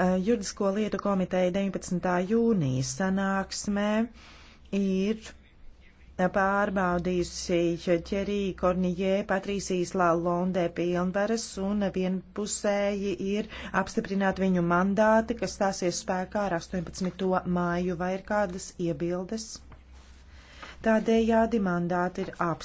Eh, juridisko lietu komiteja 19. jūnijas sanāksmē ir eh, pārbaudījusi ķerī Kornijē Patrīsīs Lalonde pilnvaras un vienpusēji ir apstiprināt viņu mandāti, kas stāsies spēkā ar 18. māju vai ir kādas iebildes. Tādējādi mandāti ir apstiprināti.